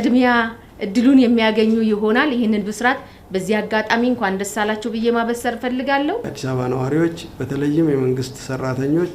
ቅድሚያ እድሉን የሚያገኙ ይሆናል። ይህንን ብስራት በዚህ አጋጣሚ እንኳን ደስ አላችሁ ብዬ ማበሰር ፈልጋለሁ አዲስ አበባ ነዋሪዎች፣ በተለይም የመንግስት ሰራተኞች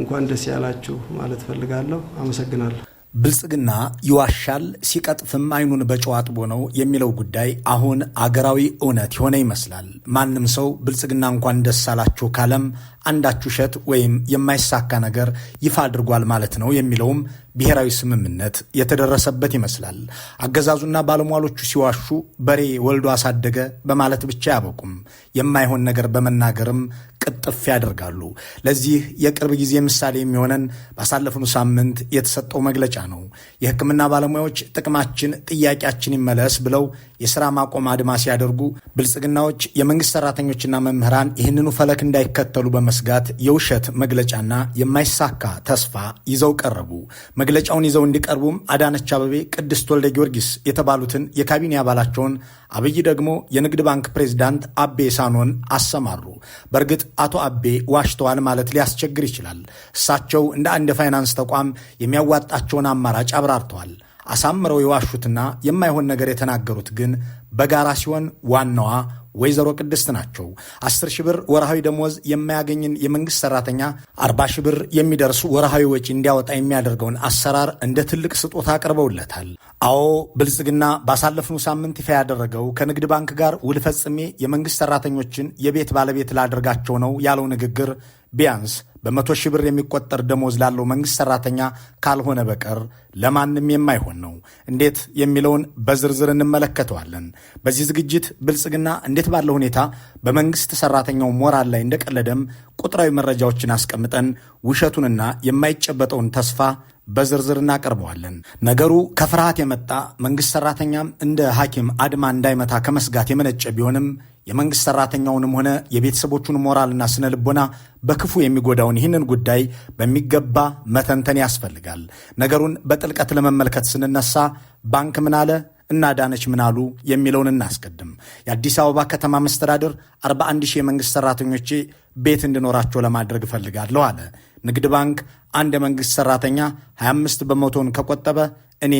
እንኳን ደስ ያላችሁ ማለት ፈልጋለሁ አመሰግናለሁ። ብልጽግና ይዋሻል ሲቀጥፍም አይኑን በጨው አጥቦ ነው የሚለው ጉዳይ አሁን አገራዊ እውነት የሆነ ይመስላል። ማንም ሰው ብልጽግና እንኳን ደስ አላችሁ ካለም አንዳች ውሸት ወይም የማይሳካ ነገር ይፋ አድርጓል ማለት ነው የሚለውም ብሔራዊ ስምምነት የተደረሰበት ይመስላል። አገዛዙና ባለሟሎቹ ሲዋሹ በሬ ወልዶ አሳደገ በማለት ብቻ አያበቁም። የማይሆን ነገር በመናገርም ቅጥፍ ያደርጋሉ። ለዚህ የቅርብ ጊዜ ምሳሌ የሚሆነን ባሳለፍኑ ሳምንት የተሰጠው መግለጫ ነው። የህክምና ባለሙያዎች ጥቅማችን፣ ጥያቄያችን ይመለስ ብለው የሥራ ማቆም አድማ ሲያደርጉ ብልጽግናዎች የመንግሥት ሠራተኞችና መምህራን ይህንኑ ፈለክ እንዳይከተሉ በመስጋት የውሸት መግለጫና የማይሳካ ተስፋ ይዘው ቀረቡ። መግለጫውን ይዘው እንዲቀርቡም አዳነች አበቤ ቅድስት ወልደ ጊዮርጊስ የተባሉትን የካቢኔ አባላቸውን አብይ ደግሞ የንግድ ባንክ ፕሬዚዳንት አቤ ሳኖን አሰማሩ። በእርግጥ አቶ አቤ ዋሽተዋል ማለት ሊያስቸግር ይችላል። እሳቸው እንደ አንድ የፋይናንስ ተቋም የሚያዋጣቸውን አማራጭ አብራርተዋል። አሳምረው የዋሹትና የማይሆን ነገር የተናገሩት ግን በጋራ ሲሆን ዋናዋ ወይዘሮ ቅድስት ናቸው። አስር ሺህ ብር ወርሃዊ ደሞዝ የማያገኝን የመንግስት ሰራተኛ አርባ ሺህ ብር የሚደርሱ ወርሃዊ ወጪ እንዲያወጣ የሚያደርገውን አሰራር እንደ ትልቅ ስጦታ አቅርበውለታል። አዎ ብልጽግና ባሳለፍኑ ሳምንት ይፋ ያደረገው ከንግድ ባንክ ጋር ውል ፈጽሜ የመንግስት ሰራተኞችን የቤት ባለቤት ላደርጋቸው ነው ያለው ንግግር ቢያንስ በመቶ ሺህ ብር የሚቆጠር ደሞዝ ላለው መንግስት ሰራተኛ ካልሆነ በቀር ለማንም የማይሆን ነው። እንዴት የሚለውን በዝርዝር እንመለከተዋለን። በዚህ ዝግጅት ብልጽግና እንዴት ባለ ሁኔታ በመንግስት ሰራተኛው ሞራል ላይ እንደቀለደም ቁጥራዊ መረጃዎችን አስቀምጠን ውሸቱንና የማይጨበጠውን ተስፋ በዝርዝር እናቀርበዋለን። ነገሩ ከፍርሃት የመጣ መንግስት ሰራተኛም እንደ ሐኪም አድማ እንዳይመታ ከመስጋት የመነጨ ቢሆንም የመንግስት ሰራተኛውንም ሆነ የቤተሰቦቹን ሞራልና ስነ ልቦና በክፉ የሚጎዳውን ይህንን ጉዳይ በሚገባ መተንተን ያስፈልጋል። ነገሩን በጥልቀት ለመመልከት ስንነሳ ባንክ ምን አለ እና ዳነች ምን አሉ የሚለውን እናስቀድም። የአዲስ አበባ ከተማ መስተዳድር 41 ሺህ የመንግስት ሰራተኞቼ ቤት እንዲኖራቸው ለማድረግ እፈልጋለሁ አለ። ንግድ ባንክ አንድ የመንግሥት ሠራተኛ 25 በመቶን ከቆጠበ እኔ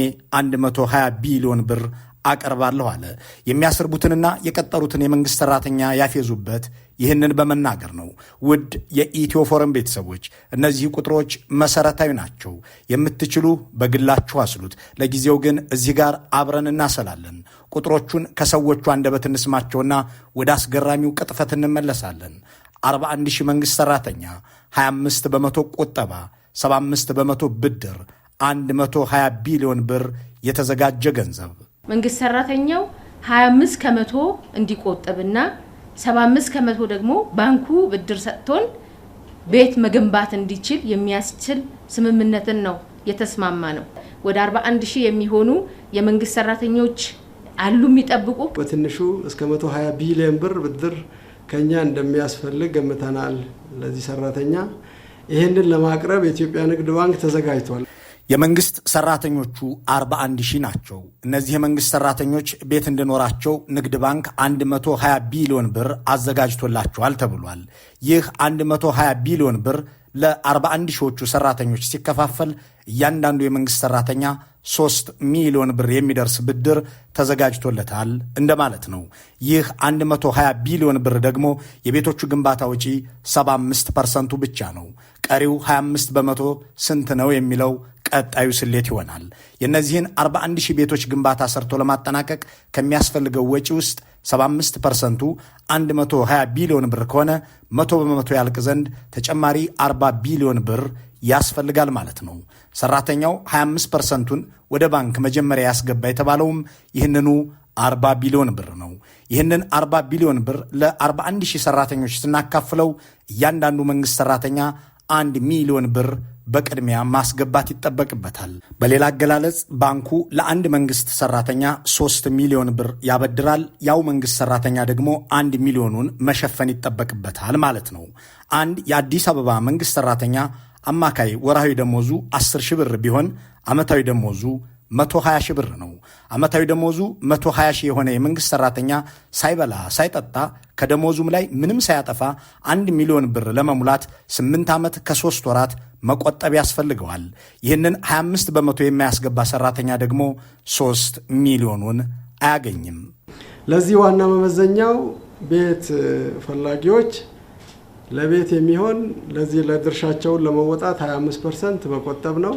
120 ቢሊዮን ብር አቀርባለሁ አለ። የሚያስርቡትንና የቀጠሩትን የመንግሥት ሠራተኛ ያፌዙበት ይህንን በመናገር ነው። ውድ የኢትዮ ፎረም ቤተሰቦች እነዚህ ቁጥሮች መሰረታዊ ናቸው። የምትችሉ በግላችሁ አስሉት። ለጊዜው ግን እዚህ ጋር አብረን እናሰላለን። ቁጥሮቹን ከሰዎቹ አንደበት እንስማቸውና ወደ አስገራሚው ቅጥፈት እንመለሳለን። 41 ሺህ መንግሥት ሠራተኛ፣ 25 በመቶ ቁጠባ፣ 75 በመቶ ብድር፣ 120 ቢሊዮን ብር የተዘጋጀ ገንዘብ መንግሥት ሠራተኛው 25 ከመቶ እንዲቆጥብና 75 ከመቶ ደግሞ ባንኩ ብድር ሰጥቶን ቤት መገንባት እንዲችል የሚያስችል ስምምነትን ነው የተስማማ ነው። ወደ 41 ሺህ የሚሆኑ የመንግስት ሰራተኞች አሉ የሚጠብቁ በትንሹ እስከ 120 ቢሊዮን ብር ብድር ከኛ እንደሚያስፈልግ ገምተናል። ለዚህ ሰራተኛ ይህንን ለማቅረብ የኢትዮጵያ ንግድ ባንክ ተዘጋጅቷል። የመንግስት ሰራተኞቹ 41 ሺህ ናቸው። እነዚህ የመንግስት ሰራተኞች ቤት እንዲኖራቸው ንግድ ባንክ 120 ቢሊዮን ብር አዘጋጅቶላቸዋል ተብሏል። ይህ 120 ቢሊዮን ብር ለ41 ሺዎቹ ሰራተኞች ሲከፋፈል እያንዳንዱ የመንግሥት ሠራተኛ ሶስት ሚሊዮን ብር የሚደርስ ብድር ተዘጋጅቶለታል እንደማለት ነው። ይህ 120 ቢሊዮን ብር ደግሞ የቤቶቹ ግንባታ ውጪ 75 ፐርሰንቱ ብቻ ነው። ቀሪው 25 በመቶ ስንት ነው የሚለው ቀጣዩ ስሌት ይሆናል። የእነዚህን 41 ሺህ ቤቶች ግንባታ ሰርቶ ለማጠናቀቅ ከሚያስፈልገው ወጪ ውስጥ 75 ፐርሰንቱ 120 ቢሊዮን ብር ከሆነ መቶ በመቶ ያልቅ ዘንድ ተጨማሪ 40 ቢሊዮን ብር ያስፈልጋል ማለት ነው። ሰራተኛው 25 ፐርሰንቱን ወደ ባንክ መጀመሪያ ያስገባ የተባለውም ይህንኑ 40 ቢሊዮን ብር ነው። ይህንን 40 ቢሊዮን ብር ለ41 ሺህ ሰራተኞች ስናካፍለው እያንዳንዱ መንግሥት ሰራተኛ አንድ ሚሊዮን ብር በቅድሚያ ማስገባት ይጠበቅበታል። በሌላ አገላለጽ ባንኩ ለአንድ መንግስት ሰራተኛ ሶስት ሚሊዮን ብር ያበድራል። ያው መንግስት ሰራተኛ ደግሞ አንድ ሚሊዮኑን መሸፈን ይጠበቅበታል ማለት ነው። አንድ የአዲስ አበባ መንግስት ሰራተኛ አማካይ ወርሃዊ ደሞዙ 10 ሺህ ብር ቢሆን ዓመታዊ ደሞዙ 120 ሺህ ብር ነው። ዓመታዊ ደሞዙ 120 ሺህ የሆነ የመንግሥት ሠራተኛ ሳይበላ ሳይጠጣ ከደሞዙም ላይ ምንም ሳያጠፋ አንድ ሚሊዮን ብር ለመሙላት 8 ዓመት ከሦስት ወራት መቆጠብ ያስፈልገዋል። ይህንን 25 በመቶ የማያስገባ ሠራተኛ ደግሞ 3 ሚሊዮኑን አያገኝም። ለዚህ ዋና መመዘኛው ቤት ፈላጊዎች ለቤት የሚሆን ለዚህ ለድርሻቸውን ለመወጣት 25 ፐርሰንት መቆጠብ ነው።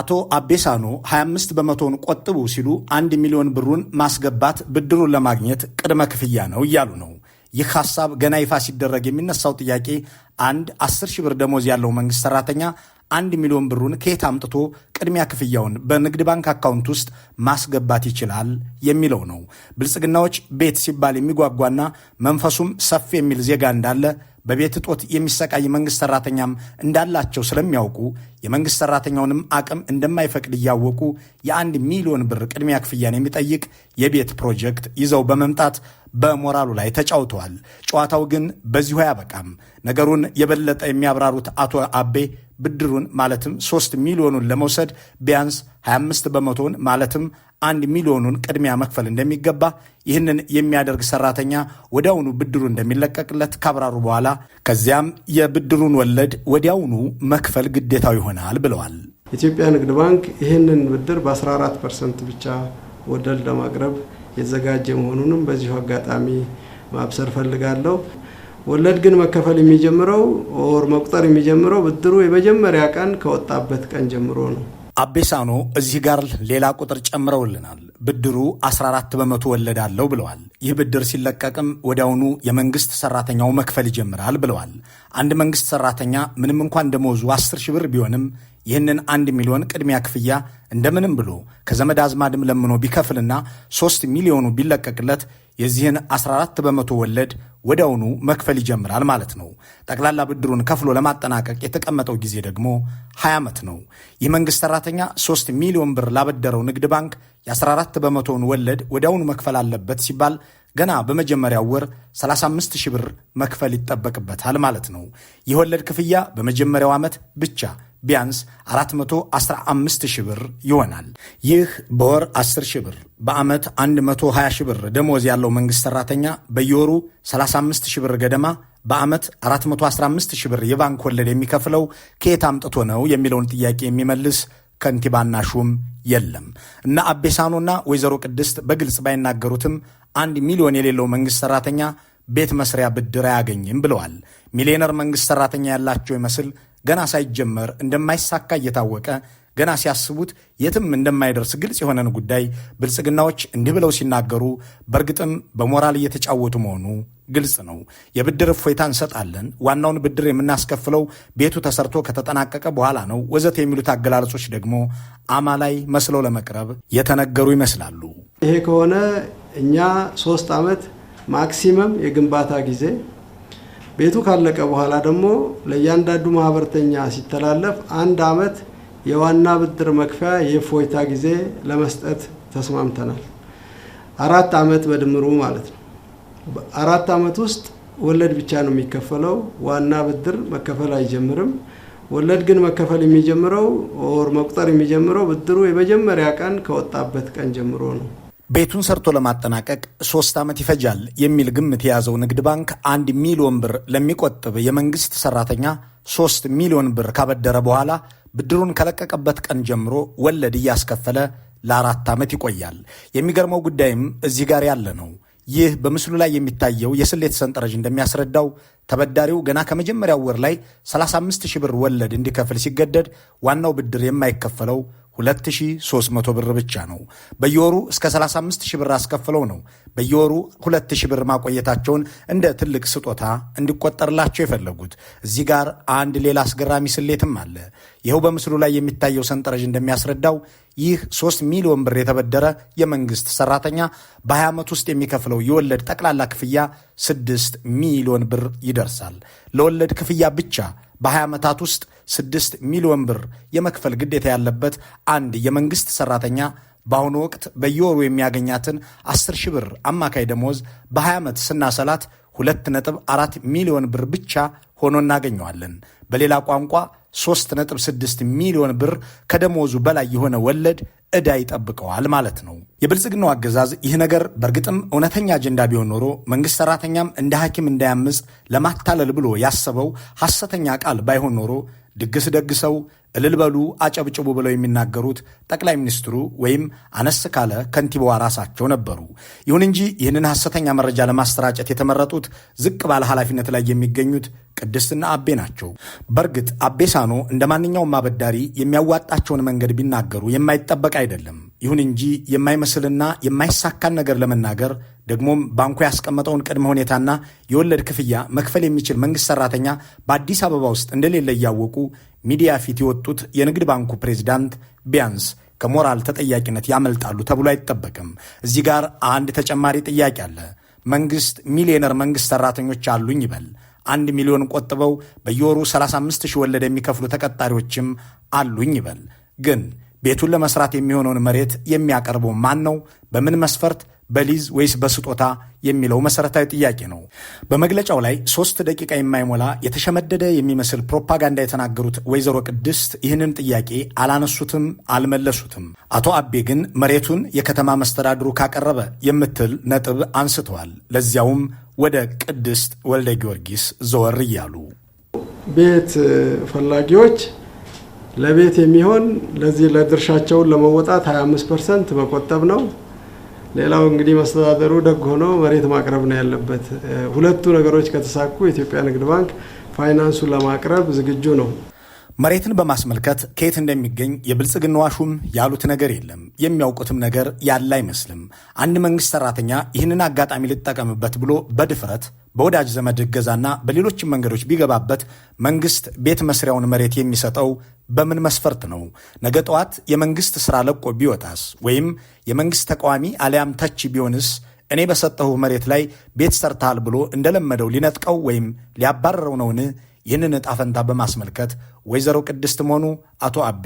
አቶ አቤሳኖ 25 በመቶውን ቆጥቡ ሲሉ አንድ ሚሊዮን ብሩን ማስገባት ብድሩን ለማግኘት ቅድመ ክፍያ ነው እያሉ ነው። ይህ ሐሳብ ገና ይፋ ሲደረግ የሚነሳው ጥያቄ አንድ 10 ሺህ ብር ደሞዝ ያለው መንግሥት ሠራተኛ አንድ ሚሊዮን ብሩን ከየት አምጥቶ ቅድሚያ ክፍያውን በንግድ ባንክ አካውንት ውስጥ ማስገባት ይችላል የሚለው ነው። ብልጽግናዎች ቤት ሲባል የሚጓጓና መንፈሱም ሰፊ የሚል ዜጋ እንዳለ በቤት እጦት የሚሰቃይ መንግስት ሰራተኛም እንዳላቸው ስለሚያውቁ የመንግስት ሰራተኛውንም አቅም እንደማይፈቅድ እያወቁ የአንድ ሚሊዮን ብር ቅድሚያ ክፍያን የሚጠይቅ የቤት ፕሮጀክት ይዘው በመምጣት በሞራሉ ላይ ተጫውተዋል። ጨዋታው ግን በዚሁ አያበቃም። ነገሩን የበለጠ የሚያብራሩት አቶ አቤ ብድሩን ማለትም ሶስት ሚሊዮኑን ለመውሰድ ረገድ ቢያንስ 25 በመቶውን ማለትም አንድ ሚሊዮኑን ቅድሚያ መክፈል እንደሚገባ ይህንን የሚያደርግ ሰራተኛ ወዲያውኑ ብድሩ እንደሚለቀቅለት ካብራሩ በኋላ ከዚያም የብድሩን ወለድ ወዲያውኑ መክፈል ግዴታው ይሆናል ብለዋል። ኢትዮጵያ ንግድ ባንክ ይህንን ብድር በ14 ፐርሰንት ብቻ ወለድ ለማቅረብ የተዘጋጀ መሆኑንም በዚሁ አጋጣሚ ማብሰር ፈልጋለሁ። ወለድ ግን መከፈል የሚጀምረው ወር መቁጠር የሚጀምረው ብድሩ የመጀመሪያ ቀን ከወጣበት ቀን ጀምሮ ነው። አቤሳኖ እዚህ ጋር ሌላ ቁጥር ጨምረውልናል። ብድሩ 14 በመቶ ወለድ አለው ብለዋል። ይህ ብድር ሲለቀቅም ወዲያውኑ የመንግስት ሰራተኛው መክፈል ይጀምራል ብለዋል። አንድ መንግስት ሰራተኛ ምንም እንኳን ደመወዙ 10 ሺህ ብር ቢሆንም ይህንን አንድ ሚሊዮን ቅድሚያ ክፍያ እንደምንም ብሎ ከዘመድ አዝማድም ለምኖ ቢከፍልና ሶስት ሚሊዮኑ ቢለቀቅለት የዚህን 14 በመቶ ወለድ ወዲያውኑ መክፈል ይጀምራል ማለት ነው። ጠቅላላ ብድሩን ከፍሎ ለማጠናቀቅ የተቀመጠው ጊዜ ደግሞ 20 ዓመት ነው። የመንግሥት ሠራተኛ 3 ሚሊዮን ብር ላበደረው ንግድ ባንክ የ14 በመቶውን ወለድ ወዲያውኑ መክፈል አለበት ሲባል ገና በመጀመሪያው ወር 35 ሺህ ብር መክፈል ይጠበቅበታል ማለት ነው። የወለድ ክፍያ በመጀመሪያው ዓመት ብቻ ቢያንስ 415 ሺህ ብር ይሆናል። ይህ በወር 10 ሺህ ብር በዓመት 120 ሺህ ብር ደሞዝ ያለው መንግሥት ሠራተኛ በየወሩ 35 ሺህ ብር ገደማ በዓመት 415 ሺህ ብር የባንክ ወለድ የሚከፍለው ከየት አምጥቶ ነው የሚለውን ጥያቄ የሚመልስ ከንቲባና ሹም የለም። እነ አቤሳኖና ወይዘሮ ቅድስት በግልጽ ባይናገሩትም አንድ ሚሊዮን የሌለው መንግሥት ሠራተኛ ቤት መስሪያ ብድር አያገኝም ብለዋል። ሚሊዮነር መንግሥት ሠራተኛ ያላቸው ይመስል ገና ሳይጀመር እንደማይሳካ እየታወቀ ገና ሲያስቡት የትም እንደማይደርስ ግልጽ የሆነን ጉዳይ ብልጽግናዎች እንዲህ ብለው ሲናገሩ በእርግጥም በሞራል እየተጫወቱ መሆኑ ግልጽ ነው። የብድር እፎይታ እንሰጣለን፣ ዋናውን ብድር የምናስከፍለው ቤቱ ተሰርቶ ከተጠናቀቀ በኋላ ነው ወዘት የሚሉት አገላለጾች ደግሞ አማላይ መስለው ለመቅረብ የተነገሩ ይመስላሉ። ይሄ ከሆነ እኛ ሶስት ዓመት ማክሲመም የግንባታ ጊዜ ቤቱ ካለቀ በኋላ ደግሞ ለእያንዳንዱ ማህበርተኛ ሲተላለፍ አንድ አመት የዋና ብድር መክፈያ የእፎይታ ጊዜ ለመስጠት ተስማምተናል። አራት አመት በድምሩ ማለት ነው። በአራት አመት ውስጥ ወለድ ብቻ ነው የሚከፈለው። ዋና ብድር መከፈል አይጀምርም። ወለድ ግን መከፈል የሚጀምረው ወር መቁጠር የሚጀምረው ብድሩ የመጀመሪያ ቀን ከወጣበት ቀን ጀምሮ ነው። ቤቱን ሰርቶ ለማጠናቀቅ ሶስት ዓመት ይፈጃል የሚል ግምት የያዘው ንግድ ባንክ አንድ ሚሊዮን ብር ለሚቆጥብ የመንግስት ሰራተኛ ሶስት ሚሊዮን ብር ካበደረ በኋላ ብድሩን ከለቀቀበት ቀን ጀምሮ ወለድ እያስከፈለ ለአራት ዓመት ይቆያል። የሚገርመው ጉዳይም እዚህ ጋር ያለ ነው። ይህ በምስሉ ላይ የሚታየው የስሌት ሰንጠረዥ እንደሚያስረዳው ተበዳሪው ገና ከመጀመሪያው ወር ላይ 35 ሺህ ብር ወለድ እንዲከፍል ሲገደድ ዋናው ብድር የማይከፈለው 2300 ብር ብቻ ነው። በየወሩ እስከ 35 ብር አስከፍለው ነው በየወሩ 2 ብር ማቆየታቸውን እንደ ትልቅ ስጦታ እንዲቆጠርላቸው የፈለጉት። እዚህ ጋር አንድ ሌላ አስገራሚ ስሌትም አለ። ይኸው በምስሉ ላይ የሚታየው ሰንጠረዥ እንደሚያስረዳው ይህ 3 ሚሊዮን ብር የተበደረ የመንግስት ሰራተኛ በ20 ዓመት ውስጥ የሚከፍለው የወለድ ጠቅላላ ክፍያ 6 ሚሊዮን ብር ይደርሳል። ለወለድ ክፍያ ብቻ በ20 ዓመታት ውስጥ ስድስት ሚሊዮን ብር የመክፈል ግዴታ ያለበት አንድ የመንግስት ሰራተኛ በአሁኑ ወቅት በየወሩ የሚያገኛትን 10 ሺህ ብር አማካይ ደሞዝ በ20 ዓመት ስናሰላት 2.4 ሚሊዮን ብር ብቻ ሆኖ እናገኘዋለን። በሌላ ቋንቋ 3.6 ሚሊዮን ብር ከደሞዙ በላይ የሆነ ወለድ ዕዳ ይጠብቀዋል ማለት ነው። የብልጽግናው አገዛዝ ይህ ነገር በእርግጥም እውነተኛ አጀንዳ ቢሆን ኖሮ መንግሥት ሠራተኛም እንደ ሐኪም እንዳያምፅ ለማታለል ብሎ ያሰበው ሐሰተኛ ቃል ባይሆን ኖሮ ድግስ ደግሰው እልል በሉ አጨብጭቡ ብለው የሚናገሩት ጠቅላይ ሚኒስትሩ ወይም አነስ ካለ ከንቲባዋ ራሳቸው ነበሩ። ይሁን እንጂ ይህንን ሐሰተኛ መረጃ ለማሰራጨት የተመረጡት ዝቅ ባለ ኃላፊነት ላይ የሚገኙት ቅድስትና አቤ ናቸው። በእርግጥ አቤሳኖ እንደ ማንኛውም አበዳሪ የሚያዋጣቸውን መንገድ ቢናገሩ የማይጠበቅ አይደለም። ይሁን እንጂ የማይመስልና የማይሳካን ነገር ለመናገር ደግሞም ባንኩ ያስቀመጠውን ቅድመ ሁኔታና የወለድ ክፍያ መክፈል የሚችል መንግስት ሰራተኛ በአዲስ አበባ ውስጥ እንደሌለ እያወቁ ሚዲያ ፊት የወጡት የንግድ ባንኩ ፕሬዚዳንት ቢያንስ ከሞራል ተጠያቂነት ያመልጣሉ ተብሎ አይጠበቅም። እዚህ ጋር አንድ ተጨማሪ ጥያቄ አለ። መንግስት ሚሊዮነር መንግስት ሰራተኞች አሉኝ ይበል አንድ ሚሊዮን ቆጥበው በየወሩ 35 ሺህ ወለድ የሚከፍሉ ተቀጣሪዎችም አሉኝ ይበል። ግን ቤቱን ለመስራት የሚሆነውን መሬት የሚያቀርበው ማን ነው? በምን መስፈርት በሊዝ ወይስ በስጦታ የሚለው መሰረታዊ ጥያቄ ነው። በመግለጫው ላይ ሶስት ደቂቃ የማይሞላ የተሸመደደ የሚመስል ፕሮፓጋንዳ የተናገሩት ወይዘሮ ቅድስት ይህንን ጥያቄ አላነሱትም፣ አልመለሱትም። አቶ አቤ ግን መሬቱን የከተማ መስተዳድሩ ካቀረበ የምትል ነጥብ አንስተዋል። ለዚያውም ወደ ቅድስት ወልደ ጊዮርጊስ ዘወር እያሉ ቤት ፈላጊዎች ለቤት የሚሆን ለዚህ ለድርሻቸውን ለመወጣት 25 ፐርሰንት መቆጠብ ነው ሌላው እንግዲህ መስተዳደሩ ደግ ሆኖ መሬት ማቅረብ ነው ያለበት። ሁለቱ ነገሮች ከተሳኩ የኢትዮጵያ ንግድ ባንክ ፋይናንሱን ለማቅረብ ዝግጁ ነው። መሬትን በማስመልከት ከየት እንደሚገኝ የብልጽግናዋ ሹም ያሉት ነገር የለም። የሚያውቁትም ነገር ያለ አይመስልም። አንድ መንግስት ሰራተኛ ይህንን አጋጣሚ ልጠቀምበት ብሎ በድፍረት በወዳጅ ዘመድ እገዛና በሌሎችም መንገዶች ቢገባበት መንግስት ቤት መስሪያውን መሬት የሚሰጠው በምን መስፈርት ነው? ነገ ጠዋት የመንግስት ስራ ለቆ ቢወጣስ ወይም የመንግስት ተቃዋሚ አሊያም ተቺ ቢሆንስ እኔ በሰጠሁ መሬት ላይ ቤት ሰርተሃል ብሎ እንደለመደው ሊነጥቀው ወይም ሊያባረረው ነውን? ይህንን ዕጣ ፈንታ በማስመልከት ወይዘሮ ቅድስት መሆኑ አቶ አቤ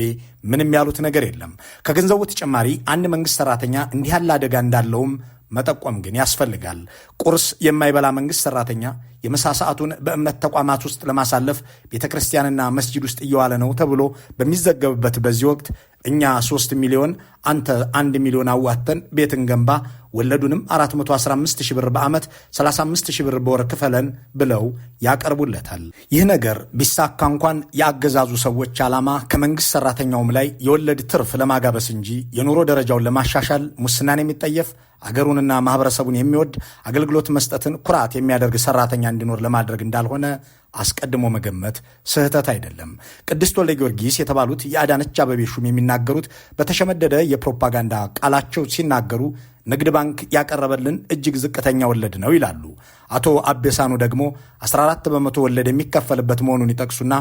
ምንም ያሉት ነገር የለም። ከገንዘቡ ተጨማሪ አንድ መንግስት ሰራተኛ እንዲህ ያለ አደጋ እንዳለውም መጠቆም ግን ያስፈልጋል። ቁርስ የማይበላ መንግስት ሰራተኛ የምሳ ሰዓቱን በእምነት ተቋማት ውስጥ ለማሳለፍ ቤተ ክርስቲያንና መስጂድ ውስጥ እየዋለ ነው ተብሎ በሚዘገብበት በዚህ ወቅት እኛ ሶስት ሚሊዮን አንተ 1 ሚሊዮን አዋተን ቤትን ገንባ ወለዱንም 415 ሺህ ብር በዓመት 35 ሺህ ብር በወር ክፈለን ብለው ያቀርቡለታል። ይህ ነገር ቢሳካ እንኳን የአገዛዙ ሰዎች ዓላማ ከመንግሥት ሠራተኛውም ላይ የወለድ ትርፍ ለማጋበስ እንጂ የኑሮ ደረጃውን ለማሻሻል ሙስናን የሚጠየፍ አገሩንና ማህበረሰቡን የሚወድ አገልግሎት መስጠትን ኩራት የሚያደርግ ሰራተኛ እንዲኖር ለማድረግ እንዳልሆነ አስቀድሞ መገመት ስህተት አይደለም። ቅድስት ወልደ ጊዮርጊስ የተባሉት የአዳነች አበቤ ሹም የሚናገሩት በተሸመደደ የፕሮፓጋንዳ ቃላቸው ሲናገሩ ንግድ ባንክ ያቀረበልን እጅግ ዝቅተኛ ወለድ ነው ይላሉ። አቶ አቤሳኑ ደግሞ 14 በመቶ ወለድ የሚከፈልበት መሆኑን ይጠቅሱና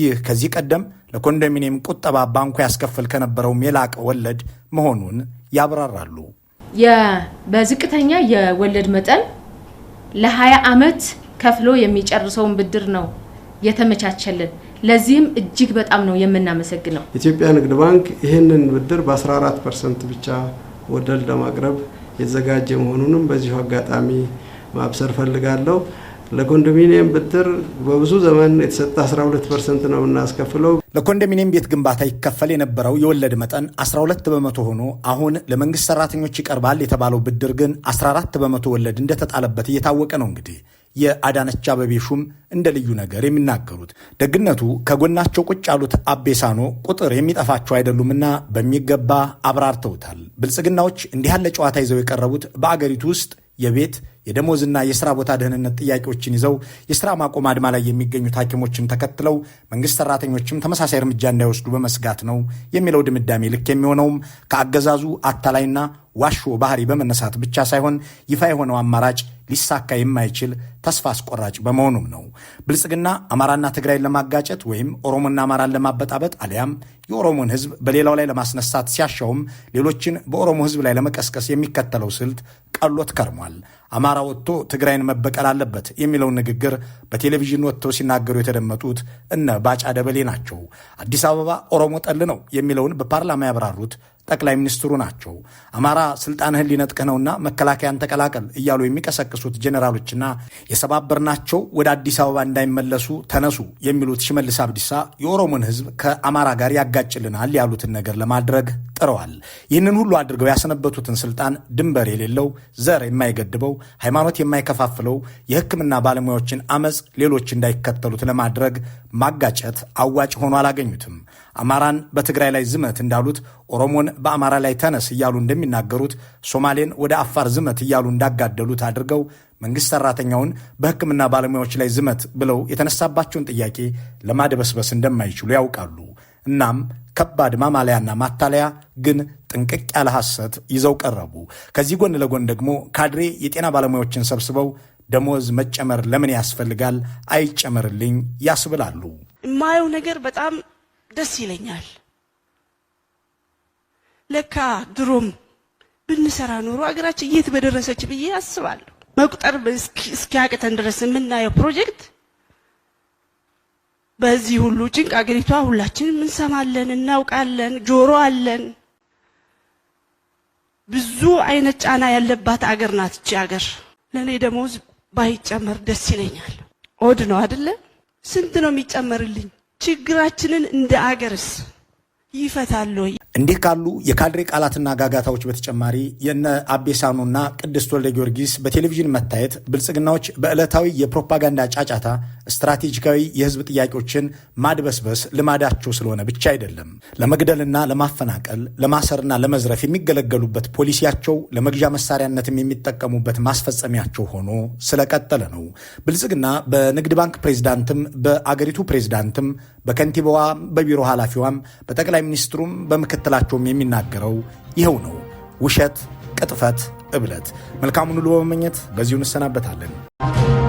ይህ ከዚህ ቀደም ለኮንዶሚኒየም ቁጠባ ባንኩ ያስከፍል ከነበረውም የላቀ ወለድ መሆኑን ያብራራሉ። በዝቅተኛ የወለድ መጠን ለ20 ዓመት ከፍሎ የሚጨርሰውን ብድር ነው የተመቻቸልን። ለዚህም እጅግ በጣም ነው የምናመሰግነው። ኢትዮጵያ ንግድ ባንክ ይህንን ብድር በ14 ፐርሰንት ብቻ ወለድ ለማቅረብ የተዘጋጀ መሆኑንም በዚሁ አጋጣሚ ማብሰር ፈልጋለሁ። ለኮንዶሚኒየም ብድር በብዙ ዘመን የተሰጠ 12 ፐርሰንት ነው የምናስከፍለው። ለኮንዶሚኒየም ቤት ግንባታ ይከፈል የነበረው የወለድ መጠን 12 በመቶ ሆኖ አሁን ለመንግስት ሰራተኞች ይቀርባል የተባለው ብድር ግን 14 በመቶ ወለድ እንደተጣለበት እየታወቀ ነው እንግዲህ የአዳነች አበቤ ሹም እንደ ልዩ ነገር የሚናገሩት ደግነቱ ከጎናቸው ቁጭ ያሉት አቤሳኖ ቁጥር የሚጠፋቸው አይደሉምና በሚገባ አብራርተውታል። ብልጽግናዎች እንዲህ ያለ ጨዋታ ይዘው የቀረቡት በአገሪቱ ውስጥ የቤት የደሞዝና የስራ ቦታ ደህንነት ጥያቄዎችን ይዘው የስራ ማቆም አድማ ላይ የሚገኙት ሐኪሞችን ተከትለው መንግስት ሰራተኞችም ተመሳሳይ እርምጃ እንዳይወስዱ በመስጋት ነው የሚለው ድምዳሜ ልክ የሚሆነውም ከአገዛዙ አታላይና ዋሾ ባህሪ በመነሳት ብቻ ሳይሆን ይፋ የሆነው አማራጭ ሊሳካ የማይችል ተስፋ አስቆራጭ በመሆኑም ነው። ብልጽግና አማራና ትግራይን ለማጋጨት ወይም ኦሮሞና አማራን ለማበጣበጥ አሊያም የኦሮሞን ህዝብ በሌላው ላይ ለማስነሳት ሲያሻውም ሌሎችን በኦሮሞ ህዝብ ላይ ለመቀስቀስ የሚከተለው ስልት ቀሎት ከርሟል። አማራ ወጥቶ ትግራይን መበቀል አለበት የሚለውን ንግግር በቴሌቪዥን ወጥተው ሲናገሩ የተደመጡት እነ ባጫ ደበሌ ናቸው። አዲስ አበባ ኦሮሞ ጠል ነው የሚለውን በፓርላማ ያብራሩት ጠቅላይ ሚኒስትሩ ናቸው። አማራ ስልጣንህን ሊነጥቅ ነውና መከላከያን ተቀላቀል እያሉ የሚቀሰቅሱት ጄኔራሎችና የሰባበርናቸው ወደ አዲስ አበባ እንዳይመለሱ ተነሱ የሚሉት ሽመልስ አብዲሳ የኦሮሞን ህዝብ ከአማራ ጋር ያጋጭልናል ያሉትን ነገር ለማድረግ ጥረዋል። ይህንን ሁሉ አድርገው ያሰነበቱትን ስልጣን ድንበር የሌለው ዘር የማይገድበው ሃይማኖት የማይከፋፍለው የህክምና ባለሙያዎችን አመፅ ሌሎች እንዳይከተሉት ለማድረግ ማጋጨት አዋጭ ሆኖ አላገኙትም። አማራን በትግራይ ላይ ዝመት እንዳሉት ኦሮሞን በአማራ ላይ ተነስ እያሉ እንደሚናገሩት ሶማሌን ወደ አፋር ዝመት እያሉ እንዳጋደሉት አድርገው መንግስት ሰራተኛውን በሕክምና ባለሙያዎች ላይ ዝመት ብለው የተነሳባቸውን ጥያቄ ለማድበስበስ እንደማይችሉ ያውቃሉ። እናም ከባድ ማማለያና ማታለያ ግን ጥንቅቅ ያለ ሐሰት ይዘው ቀረቡ። ከዚህ ጎን ለጎን ደግሞ ካድሬ የጤና ባለሙያዎችን ሰብስበው ደሞዝ መጨመር ለምን ያስፈልጋል? አይጨመርልኝ ያስብላሉ። የማየው ነገር በጣም ደስ ይለኛል። ለካ ድሮም ብንሰራ ኖሮ አገራችን የት በደረሰች ብዬ አስባለሁ። መቁጠር እስኪያቅተን ድረስ የምናየው ፕሮጀክት በዚህ ሁሉ ጭንቅ አገሪቷ ሁላችንም እንሰማለን፣ እናውቃለን፣ ጆሮ አለን። ብዙ አይነት ጫና ያለባት አገር ናት እቺ አገር። ለእኔ ደሞዝ ባይጨመር ደስ ይለኛል። ኦድ ነው አደለ? ስንት ነው የሚጨመርልኝ? ችግራችንን እንደ አገርስ ይፈታሉ። እንዲህ ካሉ የካድሬ ቃላትና ጋጋታዎች በተጨማሪ የነ አቤሳኑና ቅድስት ወልደ ጊዮርጊስ በቴሌቪዥን መታየት ብልጽግናዎች በዕለታዊ የፕሮፓጋንዳ ጫጫታ ስትራቴጂካዊ የህዝብ ጥያቄዎችን ማድበስበስ ልማዳቸው ስለሆነ ብቻ አይደለም። ለመግደልና ለማፈናቀል፣ ለማሰርና ለመዝረፍ የሚገለገሉበት ፖሊሲያቸው ለመግዣ መሳሪያነትም የሚጠቀሙበት ማስፈጸሚያቸው ሆኖ ስለቀጠለ ነው። ብልጽግና በንግድ ባንክ ፕሬዝዳንትም፣ በአገሪቱ ፕሬዝዳንትም፣ በከንቲባዋ፣ በቢሮ ኃላፊዋም፣ በጠቅላይ ሚኒስትሩም፣ በምክትላቸውም የሚናገረው ይኸው ነው። ውሸት፣ ቅጥፈት፣ እብለት። መልካሙን ሁሉ በመመኘት በዚሁ እንሰናበታለን።